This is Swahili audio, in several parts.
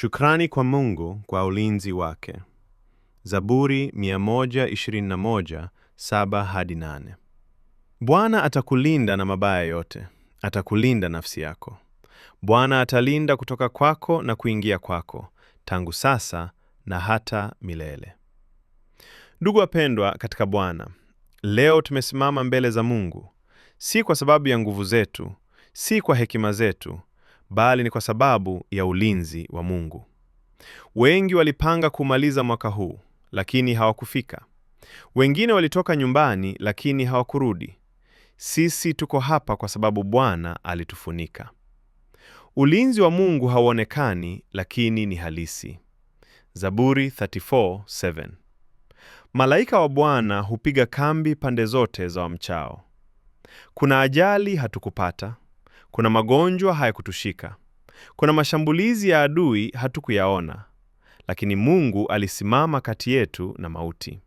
Shukrani kwa Mungu kwa ulinzi wake. Zaburi 121:7 hadi 8. Bwana atakulinda na mabaya yote, atakulinda nafsi yako. Bwana atalinda kutoka kwako na kuingia kwako, tangu sasa na hata milele. Ndugu wapendwa katika Bwana, leo tumesimama mbele za Mungu, si kwa sababu ya nguvu zetu, si kwa hekima zetu bali ni kwa sababu ya ulinzi wa Mungu. Wengi walipanga kumaliza mwaka huu, lakini hawakufika. Wengine walitoka nyumbani, lakini hawakurudi. Sisi tuko hapa kwa sababu Bwana alitufunika. Ulinzi wa Mungu hauonekani, lakini ni halisi. Zaburi 34:7. Malaika wa Bwana hupiga kambi pande zote za wamchao. Kuna ajali hatukupata kuna magonjwa hayakutushika, kuna mashambulizi ya adui hatukuyaona, lakini Mungu alisimama kati yetu na mauti.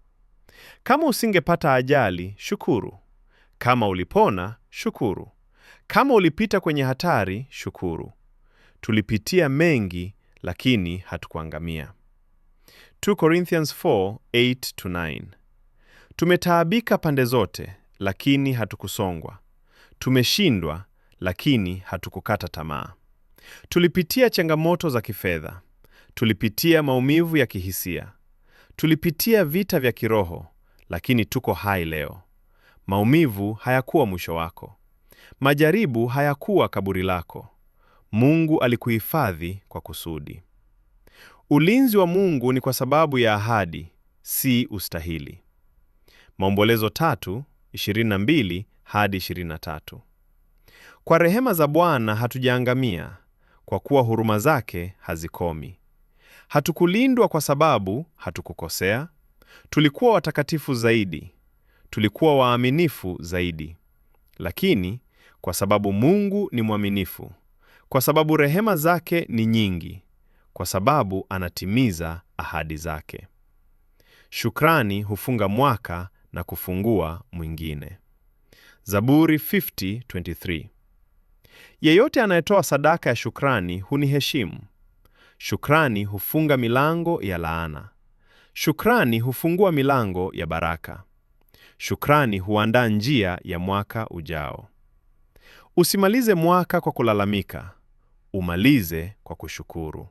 Kama usingepata ajali, shukuru. Kama ulipona, shukuru. Kama ulipita kwenye hatari, shukuru. Tulipitia mengi, lakini hatukuangamia. 2 Corinthians 4:8-9. Tumetaabika pande zote, lakini hatukusongwa. Tumeshindwa, lakini hatukukata tamaa. Tulipitia changamoto za kifedha, tulipitia maumivu ya kihisia, tulipitia vita vya kiroho, lakini tuko hai leo. Maumivu hayakuwa mwisho wako, majaribu hayakuwa kaburi lako. Mungu alikuhifadhi kwa kusudi. Ulinzi wa Mungu ni kwa sababu ya ahadi, si ustahili. Maombolezo tatu, 22 hadi 23. Kwa rehema za Bwana hatujaangamia, kwa kuwa huruma zake hazikomi. Hatukulindwa kwa sababu hatukukosea, tulikuwa watakatifu zaidi, tulikuwa waaminifu zaidi. Lakini kwa sababu Mungu ni mwaminifu, kwa sababu rehema zake ni nyingi, kwa sababu anatimiza ahadi zake. Shukrani hufunga mwaka na kufungua mwingine. Zaburi 50:23. Yeyote anayetoa sadaka ya shukrani huniheshimu. Shukrani hufunga milango ya laana. Shukrani hufungua milango ya baraka. Shukrani huandaa njia ya mwaka ujao. Usimalize mwaka kwa kulalamika, umalize kwa kushukuru.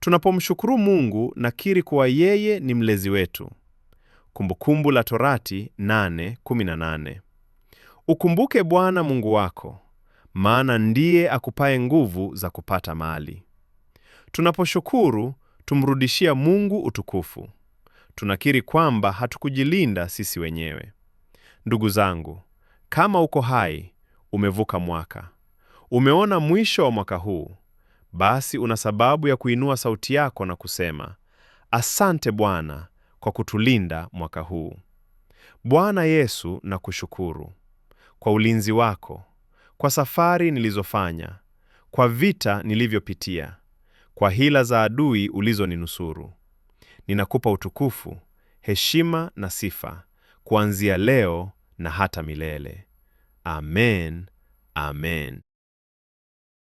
Tunapomshukuru Mungu, nakiri kuwa yeye ni mlezi wetu. Kumbukumbu la Torati 8:18. Ukumbuke Bwana Mungu wako maana ndiye akupaye nguvu za kupata mali. Tunaposhukuru tumrudishia Mungu utukufu. Tunakiri kwamba hatukujilinda sisi wenyewe. Ndugu zangu, kama uko hai, umevuka mwaka, umeona mwisho wa mwaka huu, basi una sababu ya kuinua sauti yako na kusema asante Bwana kwa kutulinda mwaka huu. Bwana Yesu, nakushukuru kwa ulinzi wako kwa safari nilizofanya, kwa vita nilivyopitia, kwa hila za adui ulizoninusuru. Ninakupa utukufu, heshima na sifa kuanzia leo na hata milele. Amen, amen.